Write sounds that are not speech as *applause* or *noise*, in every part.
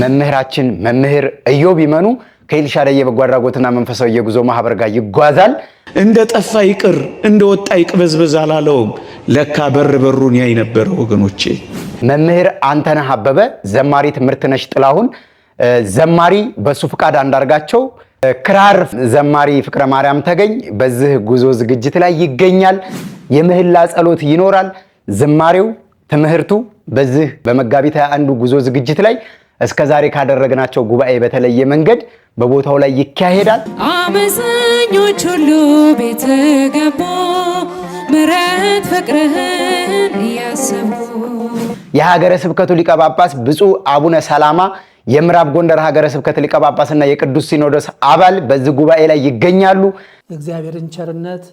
መምህራችን መምህር እዮብ ይመኑ ከኤልሻዳይ የበጎ አድራጎትና መንፈሳዊ የጉዞ ማህበር ጋር ይጓዛል። እንደ ጠፋ ይቅር እንደ ወጣ ይቅበዝበዝ አላለውም። ለካ በር በሩን ያይ ነበረ። ወገኖቼ መምህር አንተነህ አበበ፣ ዘማሪ ትምህርትነሽ ጥላሁን፣ ዘማሪ በሱ ፍቃድ አንዳርጋቸው፣ ክራር ዘማሪ ፍቅረ ማርያም ተገኝ በዚህ ጉዞ ዝግጅት ላይ ይገኛል። የምህላ ጸሎት ይኖራል። ዝማሬው ትምህርቱ በዚህ በመጋቢት አንዱ ጉዞ ዝግጅት ላይ እስከ ዛሬ ካደረግናቸው ጉባኤ በተለየ መንገድ በቦታው ላይ ይካሄዳል። አመፀኞች ሁሉ ቤት ገቡ፣ ምረት ፍቅርህን እያሰቡ። የሀገረ ስብከቱ ሊቀ ጳጳስ ብፁዕ አቡነ ሰላማ የምዕራብ ጎንደር ሀገረ ስብከት ሊቀ ጳጳስና የቅዱስ ሲኖዶስ አባል በዚህ ጉባኤ ላይ ይገኛሉ። እግዚአብሔርን ቸርነት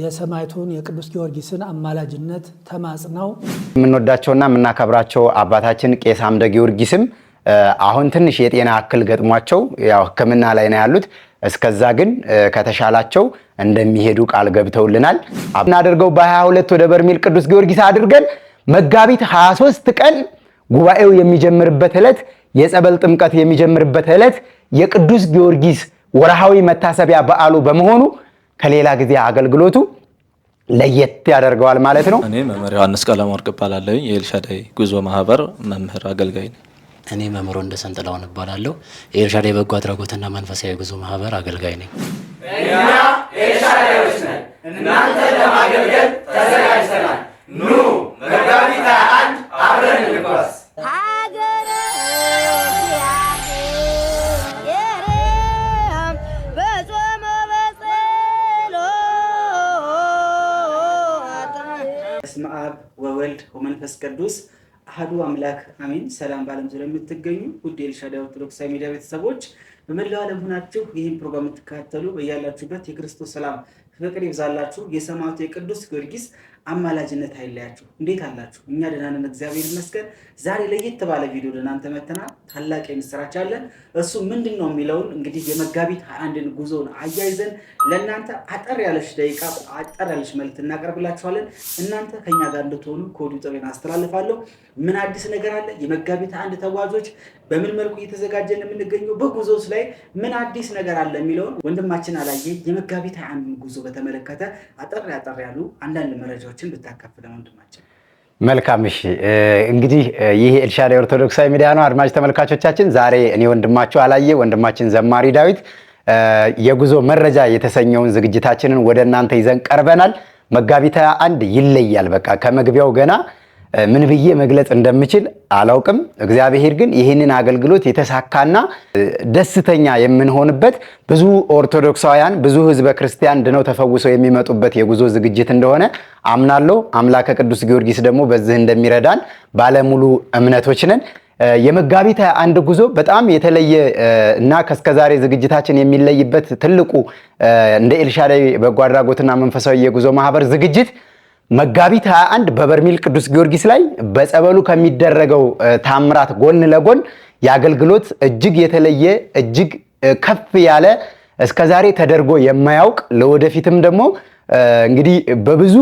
የሰማዕቱን የቅዱስ ጊዮርጊስን አማላጅነት ተማጽነው የምንወዳቸውና የምናከብራቸው አባታችን ቄስ አምደ ጊዮርጊስም አሁን ትንሽ የጤና እክል ገጥሟቸው ያው ህክምና ላይ ነው ያሉት። እስከዛ ግን ከተሻላቸው እንደሚሄዱ ቃል ገብተውልናል። እናደርገው በ22 ወደ በርሜል ቅዱስ ጊዮርጊስ አድርገን መጋቢት 23 ቀን ጉባኤው የሚጀምርበት ዕለት፣ የጸበል ጥምቀት የሚጀምርበት ዕለት የቅዱስ ጊዮርጊስ ወርሃዊ መታሰቢያ በዓሉ በመሆኑ ከሌላ ጊዜ አገልግሎቱ ለየት ያደርገዋል ማለት ነው። እኔ መምህር ዮሐንስ ቀለመወርቅ እባላለሁ። የኤልሻዳይ ጉዞ ማህበር መምህር አገልጋይ ነኝ። እኔ መምህር ወንደሰን ጥላሁን እባላለሁ። የኤልሻዳይ በጎ አድራጎትና መንፈሳዊ ጉዞ ማህበር አገልጋይ ነኝ። እኛ ኤልሻዳዮች ነን፣ እናንተ ለማገልገል ተዘጋጅተናል። ኑ መጋቢት አብረን እንጓዝ። በስመ አብ ወወልድ ወመንፈስ ቅዱስ አህዱ አምላክ አሜን። ሰላም በዓለም ዙሪያ የምትገኙ ውድ ኤልሻዳይ ኦርቶዶክሳዊ ሚዲያ ቤተሰቦች በመላው ዓለም ሆናችሁ ይህን ፕሮግራም የምትከታተሉ በያላችሁበት የክርስቶስ ሰላም ፍቅር ይብዛላችሁ። የሰማዕቱ የቅዱስ ጊዮርጊስ አማላጅነት አይለያችሁ። እንዴት አላችሁ? እኛ ደህና ነን፣ እግዚአብሔር ይመስገን። ዛሬ ለየት ባለ ቪዲዮ ለእናንተ መተናል። ታላቅ የምስራች አለን። እሱ ምንድን ነው የሚለውን እንግዲህ የመጋቢት አንድን ጉዞን አያይዘን ለእናንተ አጠር ያለች ደቂቃ አጠር ያለች መልዕክት እናቀርብላችኋለን። እናንተ ከኛ ጋር እንድትሆኑ ከወዲሁ ጥሬን አስተላልፋለሁ። ምን አዲስ ነገር አለ? የመጋቢት አንድ ተጓዦች በምን መልኩ እየተዘጋጀ የምንገኘው በጉዞስ ላይ ምን አዲስ ነገር አለ የሚለውን ወንድማችን አላየ የመጋቢት አንድን ጉዞ በተመለከተ አጠር አጠር ያሉ አንዳንድ መረጃዎችን ብታካፍለን ወንድማችን መልካም እሺ፣ እንግዲህ ይህ ኤልሻዳይ ኦርቶዶክሳዊ ሚዲያ ነው። አድማጭ ተመልካቾቻችን፣ ዛሬ እኔ ወንድማችሁ አላየ ወንድማችን ዘማሪ ዳዊት የጉዞ መረጃ የተሰኘውን ዝግጅታችንን ወደ እናንተ ይዘን ቀርበናል። መጋቢት አንድ ይለያል። በቃ ከመግቢያው ገና ምን ብዬ መግለጽ እንደምችል አላውቅም። እግዚአብሔር ግን ይህንን አገልግሎት የተሳካና ደስተኛ የምንሆንበት ብዙ ኦርቶዶክሳውያን፣ ብዙ ህዝበ ክርስቲያን ድነው ተፈውሰው የሚመጡበት የጉዞ ዝግጅት እንደሆነ አምናለሁ። አምላከ ቅዱስ ጊዮርጊስ ደግሞ በዚህ እንደሚረዳን ባለሙሉ እምነቶች ነን። የመጋቢት አንድ ጉዞ በጣም የተለየ እና ከስከዛሬ ዝግጅታችን የሚለይበት ትልቁ እንደ ኤልሻዳይ በጎ አድራጎትና መንፈሳዊ የጉዞ ማህበር ዝግጅት መጋቢት 21 በበርሜል ቅዱስ ጊዮርጊስ ላይ በጸበሉ ከሚደረገው ታምራት ጎን ለጎን የአገልግሎት እጅግ የተለየ እጅግ ከፍ ያለ እስከዛሬ ተደርጎ የማያውቅ ለወደፊትም ደግሞ እንግዲህ በብዙ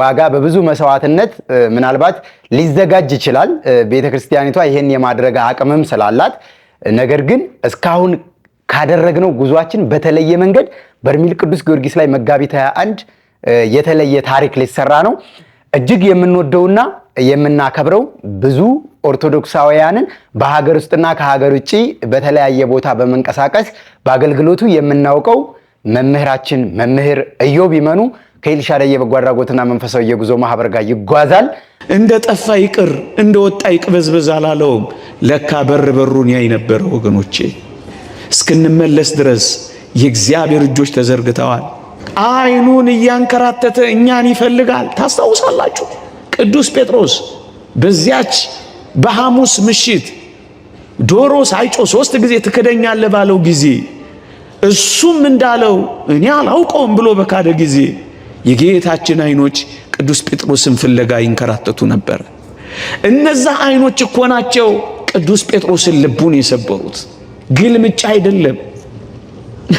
ዋጋ በብዙ መስዋዕትነት ምናልባት ሊዘጋጅ ይችላል። ቤተክርስቲያኒቷ ይህን የማድረግ አቅምም ስላላት፣ ነገር ግን እስካሁን ካደረግነው ጉዟችን በተለየ መንገድ በርሜል ቅዱስ ጊዮርጊስ ላይ መጋቢት 21 የተለየ ታሪክ ሊሰራ ነው። እጅግ የምንወደውና የምናከብረው ብዙ ኦርቶዶክሳውያንን በሀገር ውስጥና ከሀገር ውጭ በተለያየ ቦታ በመንቀሳቀስ በአገልግሎቱ የምናውቀው መምህራችን መምህር ኢዮብ ይመኑ ከኤልሻዳይ የበጎ አድራጎትና መንፈሳዊ የጉዞ ማህበር ጋር ይጓዛል። እንደ ጠፋ ይቅር እንደ ወጣ ይቅበዝበዝ አላለውም። ለካ በር በሩን ያይ ነበረ። ወገኖቼ እስክንመለስ ድረስ የእግዚአብሔር እጆች ተዘርግተዋል። አይኑን እያንከራተተ እኛን ይፈልጋል። ታስታውሳላችሁ? ቅዱስ ጴጥሮስ በዚያች በሐሙስ ምሽት ዶሮ ሳይጮ ሶስት ጊዜ ትክደኛለ ባለው ጊዜ እሱም እንዳለው እኔ አላውቀውም ብሎ በካደ ጊዜ የጌታችን አይኖች ቅዱስ ጴጥሮስን ፍለጋ ይንከራተቱ ነበር። እነዛ አይኖች እኮ ናቸው ቅዱስ ጴጥሮስን ልቡን የሰበሩት። ግልምጫ አይደለም። *laughs*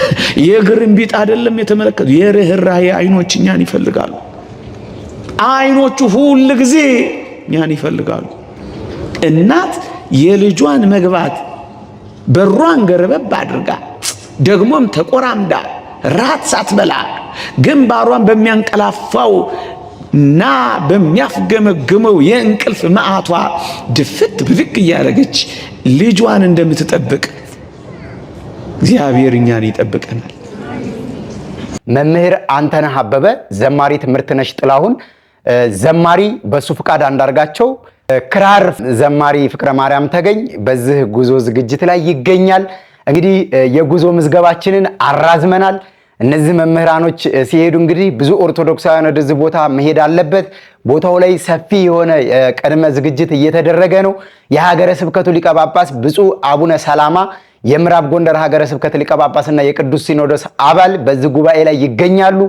የግርም ቢጥ አይደለም የተመለከቱ የርህራ አይኖች እኛን ይፈልጋሉ። አይኖቹ ሁል ጊዜ እኛን ይፈልጋሉ። እናት የልጇን መግባት በሯን ገረበብ አድርጋ ደግሞም ተቆራምዳ ራት ሳትበላ ግንባሯን በሚያንቀላፋው እና በሚያፍገመግመው የእንቅልፍ መዓቷ ድፍት ብድግ እያደረገች ልጇን እንደምትጠብቅ እግዚአብሔር እኛን ይጠብቀናል። መምህር አንተነህ አበበ፣ ዘማሪ ትምህርትነሽ ጥላሁን፣ ዘማሪ በሱ ፍቃድ አንዳርጋቸው፣ ክራር ዘማሪ ፍቅረ ማርያም ተገኝ በዚህ ጉዞ ዝግጅት ላይ ይገኛል። እንግዲህ የጉዞ ምዝገባችንን አራዝመናል። እነዚህ መምህራኖች ሲሄዱ እንግዲህ ብዙ ኦርቶዶክሳውያን ወደዚህ ቦታ መሄድ አለበት። ቦታው ላይ ሰፊ የሆነ ቅድመ ዝግጅት እየተደረገ ነው። የሀገረ ስብከቱ ሊቀ ጳጳስ ብፁዕ አቡነ ሰላማ የምዕራብ ጎንደር ሀገረ ስብከት ሊቀ ጳጳስና የቅዱስ ሲኖዶስ አባል በዚህ ጉባኤ ላይ ይገኛሉ።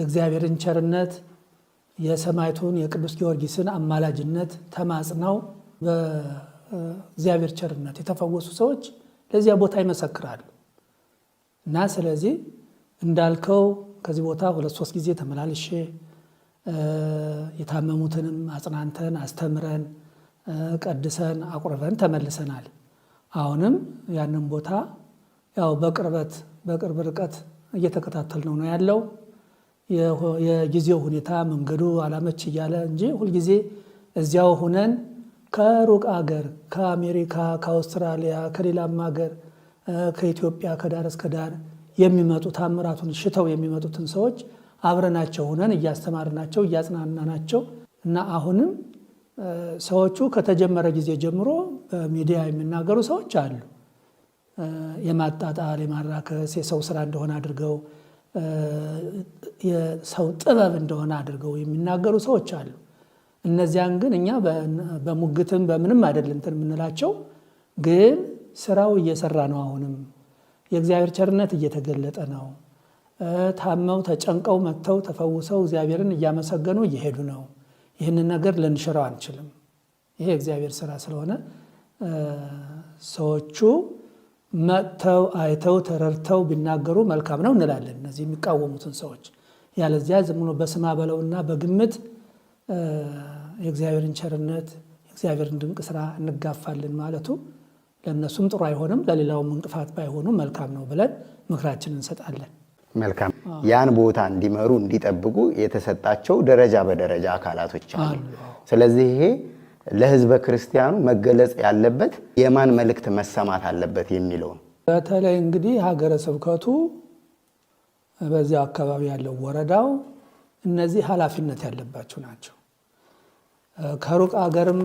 የእግዚአብሔርን ቸርነት የሰማዕቱን የቅዱስ ጊዮርጊስን አማላጅነት ተማጽነው በእግዚአብሔር ቸርነት የተፈወሱ ሰዎች ለዚያ ቦታ ይመሰክራሉ እና ስለዚህ እንዳልከው ከዚህ ቦታ ሁለት ሶስት ጊዜ ተመላልሼ የታመሙትንም አጽናንተን አስተምረን ቀድሰን አቁርበን ተመልሰናል። አሁንም ያንን ቦታ ያው በቅርበት በቅርብ ርቀት እየተከታተል ነው ነው ያለው። የጊዜው ሁኔታ መንገዱ አላመች እያለ እንጂ ሁልጊዜ እዚያው ሁነን ከሩቅ አገር ከአሜሪካ፣ ከአውስትራሊያ፣ ከሌላም ሀገር ከኢትዮጵያ ከዳር እስከ ዳር የሚመጡ ታምራቱን ሽተው የሚመጡትን ሰዎች አብረናቸው ሁነን እያስተማርናቸው እያጽናናናቸው እና አሁንም ሰዎቹ ከተጀመረ ጊዜ ጀምሮ በሚዲያ የሚናገሩ ሰዎች አሉ። የማጣጣል የማራከስ የሰው ስራ እንደሆነ አድርገው የሰው ጥበብ እንደሆነ አድርገው የሚናገሩ ሰዎች አሉ። እነዚያን ግን እኛ በሙግትም በምንም አይደለም እንትን የምንላቸው፣ ግን ስራው እየሰራ ነው። አሁንም የእግዚአብሔር ቸርነት እየተገለጠ ነው። ታመው ተጨንቀው መጥተው ተፈውሰው እግዚአብሔርን እያመሰገኑ እየሄዱ ነው። ይህንን ነገር ልንሽረው አንችልም። ይሄ የእግዚአብሔር ስራ ስለሆነ ሰዎቹ መጥተው አይተው ተረድተው ቢናገሩ መልካም ነው እንላለን፣ እነዚህ የሚቃወሙትን ሰዎች። ያለዚያ ዝም ብሎ በስማ በለውና በግምት የእግዚአብሔርን ቸርነት የእግዚአብሔርን ድንቅ ስራ እንጋፋለን ማለቱ ለእነሱም ጥሩ አይሆንም፣ ለሌላውም እንቅፋት ባይሆኑ መልካም ነው ብለን ምክራችን እንሰጣለን። መልካም ያን ቦታ እንዲመሩ እንዲጠብቁ የተሰጣቸው ደረጃ በደረጃ አካላቶች አሉ። ስለዚህ ይሄ ለህዝበ ክርስቲያኑ መገለጽ ያለበት የማን መልእክት መሰማት አለበት የሚለው ነው። በተለይ እንግዲህ ሀገረ ስብከቱ በዚያ አካባቢ ያለው ወረዳው፣ እነዚህ ኃላፊነት ያለባቸው ናቸው። ከሩቅ አገርም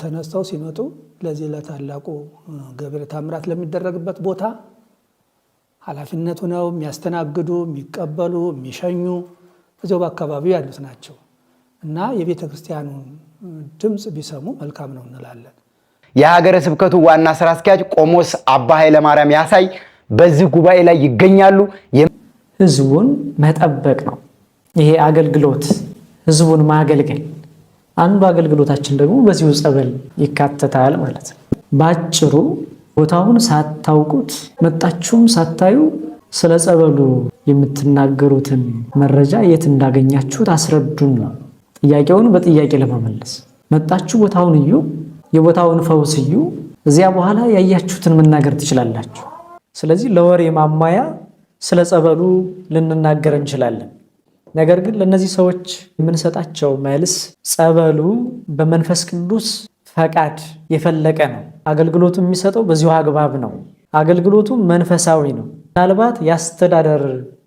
ተነስተው ሲመጡ ለዚህ ለታላቁ ገብረ ታምራት ለሚደረግበት ቦታ ኃላፊነቱ ነው የሚያስተናግዱ፣ የሚቀበሉ፣ የሚሸኙ እዚያው በአካባቢው ያሉት ናቸው እና የቤተ ክርስቲያኑን ድምፅ ቢሰሙ መልካም ነው እንላለን። የሀገረ ስብከቱ ዋና ስራ አስኪያጅ ቆሞስ አባ ኃይለማርያም ያሳይ በዚህ ጉባኤ ላይ ይገኛሉ። ህዝቡን መጠበቅ ነው ይሄ አገልግሎት፣ ህዝቡን ማገልገል አንዱ አገልግሎታችን ደግሞ በዚሁ ጸበል ይካተታል ማለት ነው። በአጭሩ ቦታውን ሳታውቁት መጣችሁም ሳታዩ ስለ ጸበሉ የምትናገሩትን መረጃ የት እንዳገኛችሁት አስረዱን ነው ጥያቄውን በጥያቄ ለመመለስ። መጣችሁ ቦታውን እዩ፣ የቦታውን ፈውስ እዩ። እዚያ በኋላ ያያችሁትን መናገር ትችላላችሁ። ስለዚህ ለወሬ ማማያ ስለ ጸበሉ ልንናገር እንችላለን። ነገር ግን ለእነዚህ ሰዎች የምንሰጣቸው መልስ ጸበሉ በመንፈስ ቅዱስ ፈቃድ የፈለቀ ነው። አገልግሎቱ የሚሰጠው በዚሁ አግባብ ነው። አገልግሎቱ መንፈሳዊ ነው። ምናልባት የአስተዳደር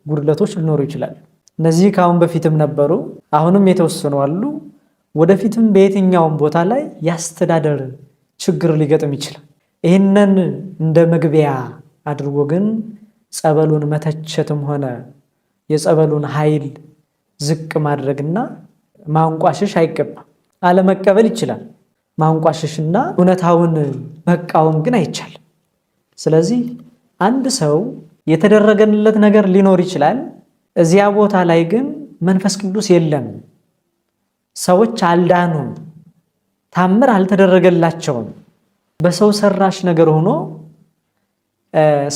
ጉድለቶች ሊኖሩ ይችላል። እነዚህ ከአሁን በፊትም ነበሩ፣ አሁንም የተወሰኑ አሉ። ወደፊትም በየትኛውም ቦታ ላይ የአስተዳደር ችግር ሊገጥም ይችላል። ይህንን እንደ መግቢያ አድርጎ ግን ጸበሉን መተቸትም ሆነ የጸበሉን ኃይል ዝቅ ማድረግና ማንቋሸሽ አይገባም። አለመቀበል ይችላል። ማንቋሸሽና እውነታውን መቃወም ግን አይቻልም። ስለዚህ አንድ ሰው የተደረገለት ነገር ሊኖር ይችላል። እዚያ ቦታ ላይ ግን መንፈስ ቅዱስ የለም፣ ሰዎች አልዳኑም፣ ታምር አልተደረገላቸውም፣ በሰው ሰራሽ ነገር ሆኖ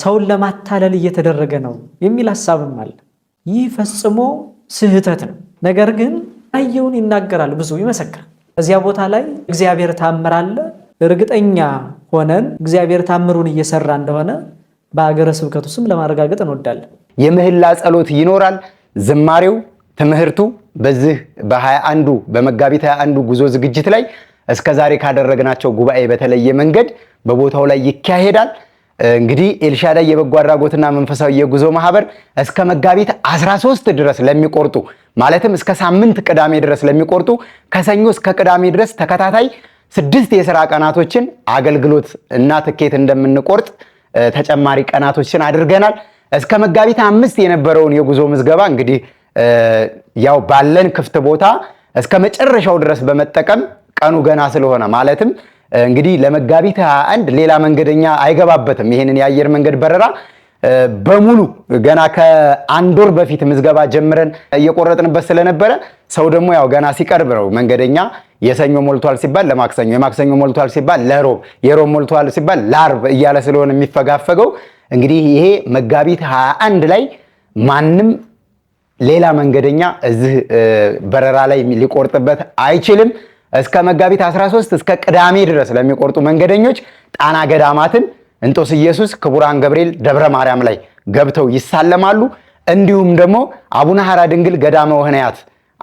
ሰውን ለማታለል እየተደረገ ነው የሚል ሀሳብም አለ። ይህ ፈጽሞ ስህተት ነው። ነገር ግን አየውን ይናገራል፣ ብዙ ይመሰክራል። እዚያ ቦታ ላይ እግዚአብሔር ታምር አለ። እርግጠኛ ሆነን እግዚአብሔር ታምሩን እየሰራ እንደሆነ በአገረ ስብከቱ ስም ለማረጋገጥ እንወዳለን። የምህላ ጸሎት ይኖራል። ዝማሬው፣ ትምህርቱ በዚህ በ21 በመጋቢት 21 ጉዞ ዝግጅት ላይ እስከዛሬ ካደረግናቸው ጉባኤ በተለየ መንገድ በቦታው ላይ ይካሄዳል። እንግዲህ ኤልሻዳይ የበጎ አድራጎትና መንፈሳዊ የጉዞ ማህበር እስከ መጋቢት 13 ድረስ ለሚቆርጡ ማለትም እስከ ሳምንት ቅዳሜ ድረስ ለሚቆርጡ ከሰኞ እስከ ቅዳሜ ድረስ ተከታታይ ስድስት የስራ ቀናቶችን አገልግሎት እና ትኬት እንደምንቆርጥ ተጨማሪ ቀናቶችን አድርገናል። እስከ መጋቢት አምስት የነበረውን የጉዞ ምዝገባ እንግዲህ ያው ባለን ክፍት ቦታ እስከ መጨረሻው ድረስ በመጠቀም ቀኑ ገና ስለሆነ ማለትም እንግዲህ ለመጋቢት 21 ሌላ መንገደኛ አይገባበትም። ይህንን የአየር መንገድ በረራ በሙሉ ገና ከአንድ ወር በፊት ምዝገባ ጀምረን እየቆረጥንበት ስለነበረ ሰው ደግሞ ያው ገና ሲቀርብ ነው መንገደኛ የሰኞ ሞልቷል ሲባል ለማክሰኞ፣ የማክሰኞ ሞልቷል ሲባል ለሮብ፣ የሮብ ሞልቷል ሲባል ለአርብ እያለ ስለሆነ የሚፈጋፈገው እንግዲህ ይሄ መጋቢት 21 ላይ ማንም ሌላ መንገደኛ እዚህ በረራ ላይ ሊቆርጥበት አይችልም። እስከ መጋቢት 13 እስከ ቅዳሜ ድረስ ለሚቆርጡ መንገደኞች ጣና ገዳማትን፣ እንጦስ ኢየሱስ፣ ክቡራን ገብርኤል ደብረ ማርያም ላይ ገብተው ይሳለማሉ። እንዲሁም ደግሞ አቡነ ሐራ ድንግል ገዳመ ወህንያት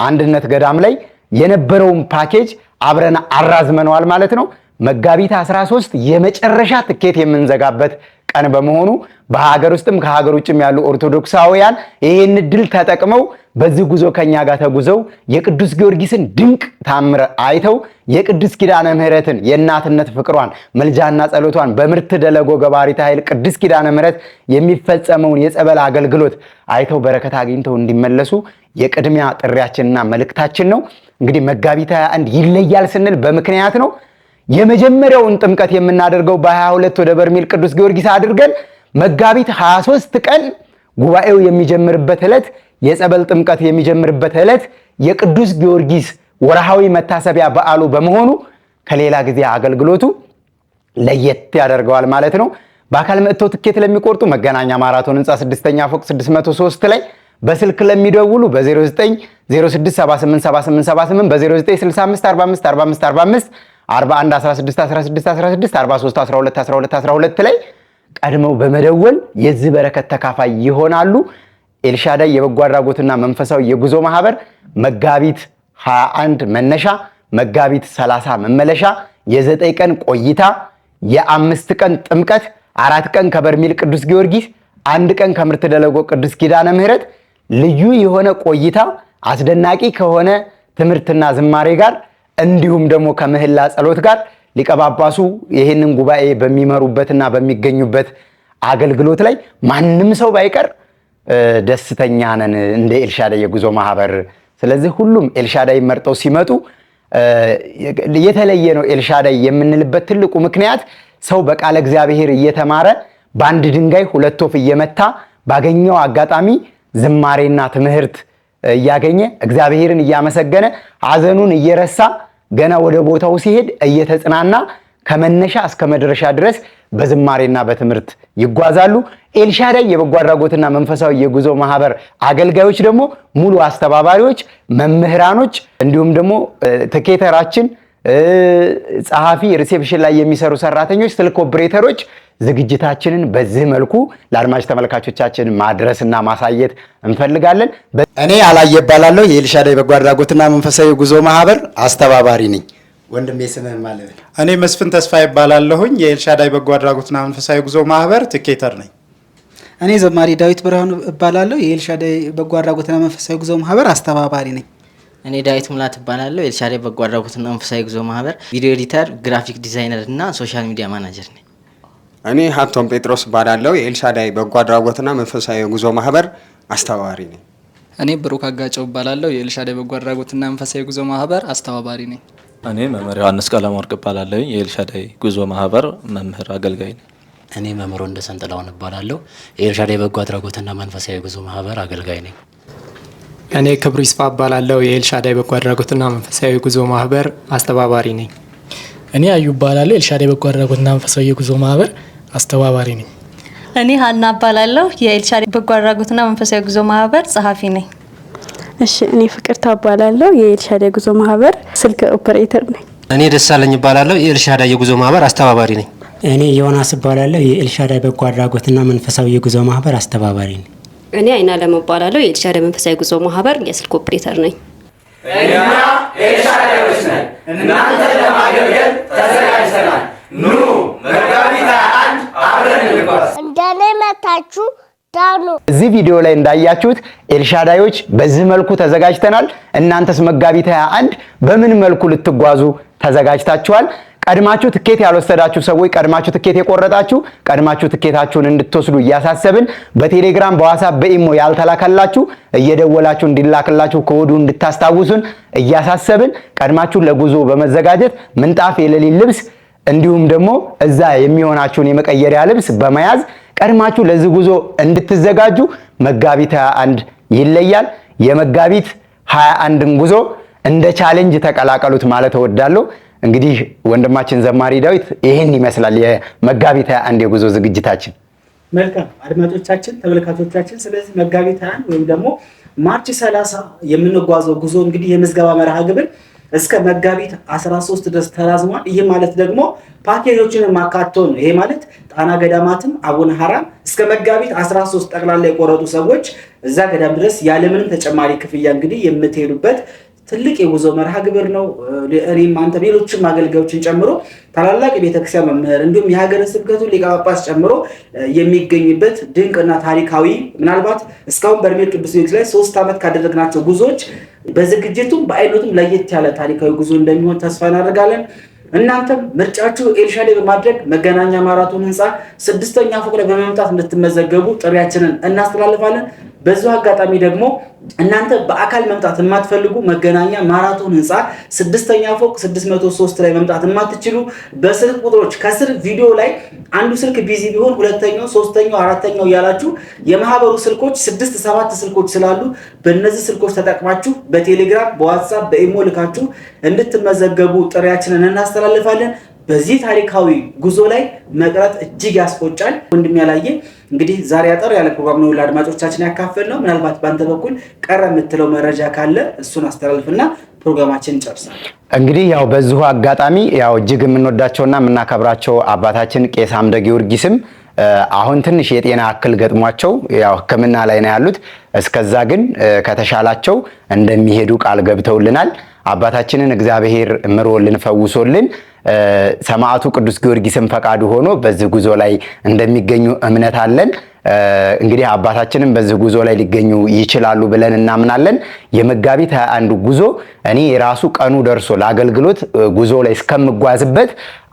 አንድነት ገዳም ላይ የነበረውን ፓኬጅ አብረን አራዝመነዋል ማለት ነው። መጋቢት 13 የመጨረሻ ትኬት የምንዘጋበት ቀን በመሆኑ በሀገር ውስጥም ከሀገር ውጭም ያሉ ኦርቶዶክሳውያን ይህን ድል ተጠቅመው በዚህ ጉዞ ከኛ ጋር ተጉዘው የቅዱስ ጊዮርጊስን ድንቅ ታምረ አይተው የቅዱስ ኪዳነ ምሕረትን የእናትነት ፍቅሯን መልጃና ጸሎቷን በምርት ደለጎ ገባሪተ ኃይል ቅዱስ ኪዳነ ምሕረት የሚፈጸመውን የጸበል አገልግሎት አይተው በረከት አግኝተው እንዲመለሱ የቅድሚያ ጥሪያችንና መልእክታችን ነው። እንግዲህ መጋቢት 21 ይለያል ስንል በምክንያት ነው። የመጀመሪያውን ጥምቀት የምናደርገው በ22 ወደ በርሜል ቅዱስ ጊዮርጊስ አድርገን መጋቢት 23 ቀን ጉባኤው የሚጀምርበት ዕለት የጸበል ጥምቀት የሚጀምርበት ዕለት የቅዱስ ጊዮርጊስ ወርሃዊ መታሰቢያ በዓሉ በመሆኑ ከሌላ ጊዜ አገልግሎቱ ለየት ያደርገዋል ማለት ነው። በአካል መጥቶ ትኬት ለሚቆርጡ መገናኛ ማራቶን ህንፃ ስድስተኛ ፎቅ 603 ላይ በስልክ ለሚደውሉ በ0906787878 በ0965454545 41 16 16 16 43 12 12 12 ላይ ቀድመው በመደወል የዚህ በረከት ተካፋይ ይሆናሉ። ኤልሻዳይ የበጎ አድራጎትና መንፈሳዊ የጉዞ ማህበር መጋቢት 21 መነሻ መጋቢት 30 መመለሻ የዘጠኝ ቀን ቆይታ የአምስት ቀን ጥምቀት አራት ቀን ከበርሜል ቅዱስ ጊዮርጊስ አንድ ቀን ከምርት ደለጎ ቅዱስ ኪዳነ ምህረት ልዩ የሆነ ቆይታ አስደናቂ ከሆነ ትምህርትና ዝማሬ ጋር እንዲሁም ደግሞ ከምህላ ጸሎት ጋር ሊቀ ጳጳሱ ይህንን ጉባኤ በሚመሩበትና በሚገኙበት አገልግሎት ላይ ማንም ሰው ባይቀር ደስተኛ ነን እንደ ኤልሻዳይ የጉዞ ማህበር። ስለዚህ ሁሉም ኤልሻዳይ መርጠው ሲመጡ የተለየ ነው ኤልሻዳይ የምንልበት ትልቁ ምክንያት ሰው በቃለ እግዚአብሔር እየተማረ በአንድ ድንጋይ ሁለት ወፍ እየመታ ባገኘው አጋጣሚ ዝማሬና ትምህርት እያገኘ እግዚአብሔርን እያመሰገነ ሐዘኑን እየረሳ ገና ወደ ቦታው ሲሄድ እየተጽናና ከመነሻ እስከ መድረሻ ድረስ በዝማሬና በትምህርት ይጓዛሉ። ኤልሻዳይ የበጎ አድራጎትና መንፈሳዊ የጉዞ ማህበር አገልጋዮች ደግሞ ሙሉ አስተባባሪዎች፣ መምህራኖች እንዲሁም ደግሞ ትኬተራችን ጸሐፊ፣ ሪሴፕሽን ላይ የሚሰሩ ሰራተኞች፣ ስልክ ኦፕሬተሮች ዝግጅታችንን በዚህ መልኩ ለአድማጭ ተመልካቾቻችን ማድረስና ማሳየት እንፈልጋለን። እኔ አላየ እባላለሁ። የኤልሻዳይ በጎ አድራጎትና መንፈሳዊ ጉዞ ማህበር አስተባባሪ ነኝ። ወንድሜ ስምህን ማለት? እኔ መስፍን ተስፋ ይባላለሁኝ። የኤልሻዳይ በጎ አድራጎትና መንፈሳዊ ጉዞ ማህበር ትኬተር ነኝ። እኔ ዘማሪ ዳዊት ብርሃኑ እባላለሁ። የኤልሻዳይ በጎ አድራጎትና መንፈሳዊ ጉዞ ማህበር አስተባባሪ ነኝ። እኔ ዳዊት ሙላት እባላለሁ። የኤልሻዳይ በጎ አድራጎትና መንፈሳዊ ጉዞ ማህበር ቪዲዮ ኤዲተር፣ ግራፊክ ዲዛይነር እና ሶሻል ሚዲያ ማናጀር ነኝ። እኔ ሀብቶም ጴጥሮስ እባላለሁ። የኤልሻዳይ በጎ አድራጎትና መንፈሳዊ የጉዞ ማህበር አስተባባሪ ነኝ። እኔ ብሩክ አጋጨው እባላለሁ። የኤልሻዳይ በጎ አድራጎትና መንፈሳዊ ጉዞ ማህበር አስተባባሪ ነኝ። እኔ መምህር ዮሐንስ ቀለመወርቅ እባላለሁ። የኤልሻዳይ ጉዞ ማህበር መምህር አገልጋይ ነኝ። እኔ መምህሮ እንደሰንጥላውን እባላለሁ። የኤልሻዳይ በጎ አድራጎትና መንፈሳዊ ጉዞ ማህበር አገልጋይ ነኝ። እኔ ክብሩ ይስፋ እባላለሁ። የኤልሻዳይ በጎ አድራጎትና መንፈሳዊ ጉዞ ማህበር አስተባባሪ ነኝ። እኔ አዩ እባላለሁ። የኤልሻዳይ በጎ አድራጎትና መንፈሳዊ ጉዞ ማህበር አስተባባሪ ነኝ። እኔ ሀና እባላለሁ። የኤልሻዳይ በጎ አድራጎትና መንፈሳዊ ጉዞ ማህበር ጸሐፊ ነኝ። እሺ፣ እኔ ፍቅር ታባላለሁ የኤልሻዳይ ጉዞ ማህበር ስልክ ኦፐሬተር ነኝ። እኔ ደሳለኝ እባላለሁ። የኤልሻዳይ የጉዞ ማህበር አስተባባሪ ነኝ። እኔ ዮናስ እባላለሁ። የኤልሻዳይ በጎ አድራጎትና መንፈሳዊ የጉዞ ማህበር አስተባባሪ ነኝ። እኔ አይናለም እባላለሁ። የኤልሻዳይ መንፈሳዊ ጉዞ ማህበር የስልክ ኦፕሬተር ነኝ። እኛ ኤልሻዳዮች ነን። እናንተ ለማገልገል ተዘጋጅተናል። ኑ አብረን እንጓዝ። እንደኔ መታችሁ ዳኑ። እዚህ ቪዲዮ ላይ እንዳያችሁት ኤልሻዳዮች በዚህ መልኩ ተዘጋጅተናል። እናንተስ መጋቢት 21 በምን መልኩ ልትጓዙ ተዘጋጅታችኋል? ቀድማችሁ ትኬት ያልወሰዳችሁ ሰዎች፣ ቀድማችሁ ትኬት የቆረጣችሁ፣ ቀድማችሁ ትኬታችሁን እንድትወስዱ እያሳሰብን በቴሌግራም በዋትሳፕ በኢሞ ያልተላከላችሁ እየደወላችሁ እንዲላክላችሁ ከወዱ እንድታስታውሱን እያሳሰብን ቀድማችሁ ለጉዞ በመዘጋጀት ምንጣፍ የሌሊት ልብስ እንዲሁም ደግሞ እዛ የሚሆናችሁን የመቀየሪያ ልብስ በመያዝ ቀድማችሁ ለዚህ ጉዞ እንድትዘጋጁ መጋቢት 21 ይለያል። የመጋቢት 21ን ጉዞ እንደ ቻሌንጅ ተቀላቀሉት ማለት እወዳለሁ። እንግዲህ ወንድማችን ዘማሪ ዳዊት ይህን ይመስላል የመጋቢት 21 የጉዞ ዝግጅታችን። መልካም አድማጮቻችን፣ ተመልካቾቻችን ስለዚህ መጋቢት 21 ወይም ደግሞ ማርች 30 የምንጓዘው ጉዞ እንግዲህ የምዝገባ መርሃ ግብር እስከ መጋቢት 13 ድረስ ተራዝሟል። ይህ ማለት ደግሞ ፓኬጆችን ማካቶ ነው። ይሄ ማለት ጣና ገዳማትም አቡነ ሀራም እስከ መጋቢት 13 ጠቅላላ የቆረጡ ሰዎች እዛ ገዳም ድረስ ያለምንም ተጨማሪ ክፍያ እንግዲህ የምትሄዱበት ትልቅ የጉዞ መርሃ ግብር ነው። እኔም አንተ ሌሎችም አገልጋዮችን ጨምሮ ታላላቅ የቤተክርስቲያን መምህር እንዲሁም የሀገረ ስብከቱ ሊቀ ጳጳስ ጨምሮ የሚገኝበት ድንቅና ታሪካዊ ምናልባት እስካሁን በርሜል ቅዱስ ቤት ላይ ሶስት ዓመት ካደረግናቸው ጉዞዎች በዝግጅቱም በአይነቱም ለየት ያለ ታሪካዊ ጉዞ እንደሚሆን ተስፋ እናደርጋለን። እናንተም ምርጫችሁ ኤልሻሌ በማድረግ መገናኛ ማራቶን ህንፃ ስድስተኛ ፎቅ ላይ በመምጣት እንድትመዘገቡ ጥሪያችንን እናስተላልፋለን። በዚሁ አጋጣሚ ደግሞ እናንተ በአካል መምጣት የማትፈልጉ መገናኛ ማራቶን ህንፃ ስድስተኛ ፎቅ 603 ላይ መምጣት የማትችሉ በስልክ ቁጥሮች ከስር ቪዲዮ ላይ አንዱ ስልክ ቢዚ ቢሆን ሁለተኛው፣ ሶስተኛው፣ አራተኛው እያላችሁ የማህበሩ ስልኮች ስድስት ሰባት ስልኮች ስላሉ በእነዚህ ስልኮች ተጠቅማችሁ በቴሌግራም በዋትሳፕ በኢሞ ልካችሁ እንድትመዘገቡ ጥሪያችንን እናስተላልፋለን። በዚህ ታሪካዊ ጉዞ ላይ መቅረት እጅግ ያስቆጫል። ወንድም ያላየ እንግዲህ ዛሬ አጠር ያለ ፕሮግራም ነው ለአድማጮቻችን ያካፈል ነው። ምናልባት በአንተ በኩል ቀረ የምትለው መረጃ ካለ እሱን አስተላልፍና ፕሮግራማችን ጨርሳል። እንግዲህ ያው በዚሁ አጋጣሚ ያው እጅግ የምንወዳቸውና የምናከብራቸው አባታችን ቄስ አምደ ጊዮርጊስም አሁን ትንሽ የጤና እክል ገጥሟቸው ያው ሕክምና ላይ ነው ያሉት። እስከዛ ግን ከተሻላቸው እንደሚሄዱ ቃል ገብተውልናል። አባታችንን እግዚአብሔር ምሮልን ፈውሶልን ሰማዕቱ ቅዱስ ጊዮርጊስን ፈቃዱ ሆኖ በዚህ ጉዞ ላይ እንደሚገኙ እምነት አለን። እንግዲህ አባታችንም በዚህ ጉዞ ላይ ሊገኙ ይችላሉ ብለን እናምናለን። የመጋቢት 21 ጉዞ እኔ የራሱ ቀኑ ደርሶ ለአገልግሎት ጉዞ ላይ እስከምጓዝበት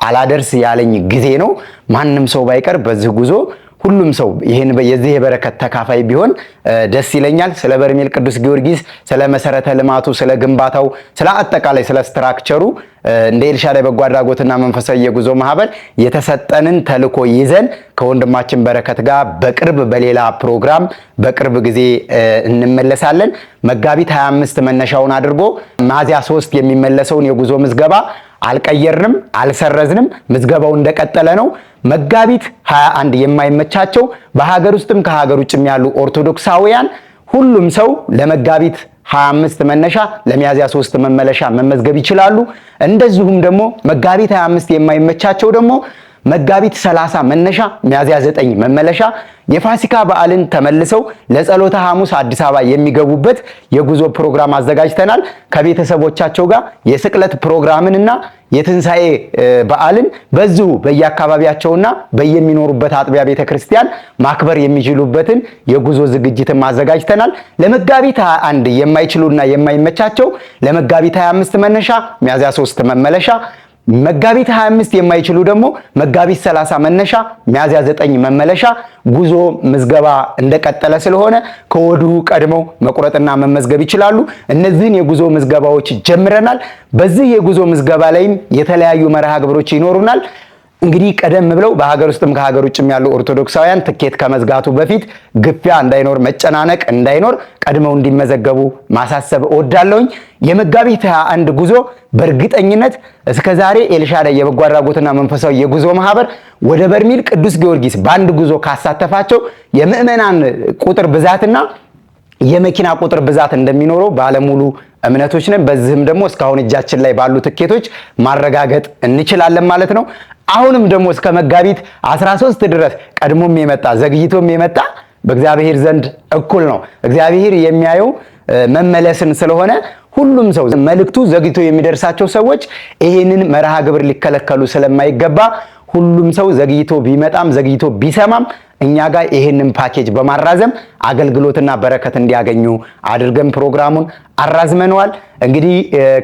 አላደርስ ያለኝ ጊዜ ነው። ማንም ሰው ባይቀር በዚህ ጉዞ ሁሉም ሰው ይህን የዚህ የበረከት ተካፋይ ቢሆን ደስ ይለኛል። ስለ በርሜል ቅዱስ ጊዮርጊስ፣ ስለ መሰረተ ልማቱ፣ ስለ ግንባታው፣ ስለ አጠቃላይ ስለ ስትራክቸሩ እንደ ኤልሻዳይ በጎ አድራጎትና መንፈሳዊ የጉዞ ማህበር የተሰጠንን ተልዕኮ ይዘን ከወንድማችን በረከት ጋር በቅርብ በሌላ ፕሮግራም በቅርብ ጊዜ እንመለሳለን። መጋቢት 25 መነሻውን አድርጎ ሚያዝያ 3 የሚመለሰውን የጉዞ ምዝገባ አልቀየርንም፣ አልሰረዝንም። ምዝገባው እንደቀጠለ ነው። መጋቢት 21 የማይመቻቸው በሀገር ውስጥም ከሀገር ውጭም ያሉ ኦርቶዶክሳውያን ሁሉም ሰው ለመጋቢት 25 መነሻ ለሚያዝያ 3 መመለሻ መመዝገብ ይችላሉ። እንደዚሁም ደግሞ መጋቢት 25 የማይመቻቸው ደግሞ መጋቢት 30 መነሻ ሚያዝያ 9 መመለሻ የፋሲካ በዓልን ተመልሰው ለጸሎተ ሐሙስ አዲስ አበባ የሚገቡበት የጉዞ ፕሮግራም አዘጋጅተናል። ከቤተሰቦቻቸው ጋር የስቅለት ፕሮግራምንና የትንሳኤ የትንሣኤ በዓልን በዚሁ በየአካባቢያቸውና በየሚኖሩበት አጥቢያ ቤተክርስቲያን ማክበር የሚችሉበትን የጉዞ ዝግጅትም አዘጋጅተናል። ለመጋቢት 21 የማይችሉና የማይመቻቸው ለመጋቢት 25 መነሻ ሚያዝያ 3 መመለሻ መጋቢት 25 የማይችሉ ደግሞ መጋቢት 30 መነሻ ሚያዝያ 9 መመለሻ ጉዞ ምዝገባ እንደቀጠለ ስለሆነ ከወዲሁ ቀድመው መቁረጥና መመዝገብ ይችላሉ። እነዚህን የጉዞ ምዝገባዎች ጀምረናል። በዚህ የጉዞ ምዝገባ ላይም የተለያዩ መርሃ ግብሮች ይኖሩናል። እንግዲህ ቀደም ብለው በሀገር ውስጥም ከሀገር ውጭም ያሉ ኦርቶዶክሳውያን ትኬት ከመዝጋቱ በፊት ግፊያ እንዳይኖር መጨናነቅ እንዳይኖር ቀድመው እንዲመዘገቡ ማሳሰብ እወዳለሁኝ። የመጋቢት 21 ጉዞ በእርግጠኝነት እስከ ዛሬ ኤልሻዳይ የበጎ አድራጎትና መንፈሳዊ የጉዞ ማህበር ወደ በርሚል ቅዱስ ጊዮርጊስ በአንድ ጉዞ ካሳተፋቸው የምዕመናን ቁጥር ብዛትና የመኪና ቁጥር ብዛት እንደሚኖረው ባለሙሉ እምነቶች ነን። በዚህም ደግሞ እስካሁን እጃችን ላይ ባሉ ትኬቶች ማረጋገጥ እንችላለን ማለት ነው። አሁንም ደግሞ እስከ መጋቢት 13 ድረስ ቀድሞም የመጣ ዘግይቶም የመጣ በእግዚአብሔር ዘንድ እኩል ነው። እግዚአብሔር የሚያየው መመለስን ስለሆነ ሁሉም ሰው መልእክቱ ዘግይቶ የሚደርሳቸው ሰዎች ይህንን መርሃ ግብር ሊከለከሉ ስለማይገባ ሁሉም ሰው ዘግይቶ ቢመጣም ዘግይቶ ቢሰማም እኛ ጋር ይሄንን ፓኬጅ በማራዘም አገልግሎትና በረከት እንዲያገኙ አድርገን ፕሮግራሙን አራዝመነዋል። እንግዲህ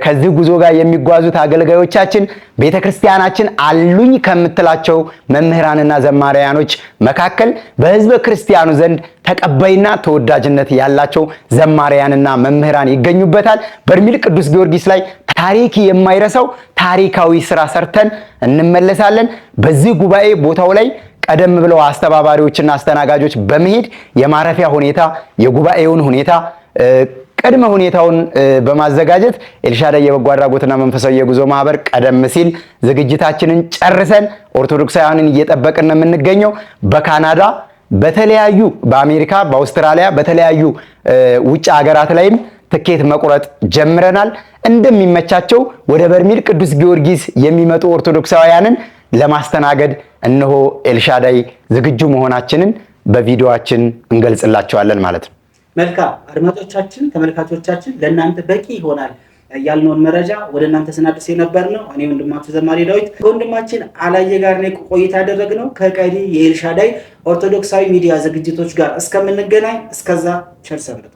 ከዚህ ጉዞ ጋር የሚጓዙት አገልጋዮቻችን ቤተክርስቲያናችን አሉኝ ከምትላቸው መምህራንና ዘማሪያኖች መካከል በሕዝበ ክርስቲያኑ ዘንድ ተቀባይና ተወዳጅነት ያላቸው ዘማሪያንና መምህራን ይገኙበታል። በርሜል ቅዱስ ጊዮርጊስ ላይ ታሪክ የማይረሳው ታሪካዊ ስራ ሰርተን እንመለሳለን። በዚህ ጉባኤ ቦታው ላይ ቀደም ብለው አስተባባሪዎችና አስተናጋጆች በመሄድ የማረፊያ ሁኔታ፣ የጉባኤውን ሁኔታ ቅድመ ሁኔታውን በማዘጋጀት ኤልሻዳይ የበጎ አድራጎትና መንፈሳዊ የጉዞ ማህበር ቀደም ሲል ዝግጅታችንን ጨርሰን ኦርቶዶክሳውያንን እየጠበቅን ነው የምንገኘው። በካናዳ በተለያዩ በአሜሪካ፣ በአውስትራሊያ፣ በተለያዩ ውጭ ሀገራት ላይም ትኬት መቁረጥ ጀምረናል። እንደሚመቻቸው ወደ በርሜል ቅዱስ ጊዮርጊስ የሚመጡ ኦርቶዶክሳውያንን ለማስተናገድ እነሆ ኤልሻዳይ ዝግጁ መሆናችንን በቪዲዮችን እንገልጽላቸዋለን ማለት ነው። መልካም አድማጮቻችን፣ ተመልካቾቻችን ለእናንተ በቂ ይሆናል ያልነውን መረጃ ወደ እናንተ ስናደርስ የነበር ነው። እኔ ወንድማችሁ ዘማሪ ዳዊት ከወንድማችን አላየ ጋር ነው ቆይታ ያደረግነው። ከቀሪ የኤልሻዳይ ኦርቶዶክሳዊ ሚዲያ ዝግጅቶች ጋር እስከምንገናኝ እስከዛ ቸር ሰንብቱ።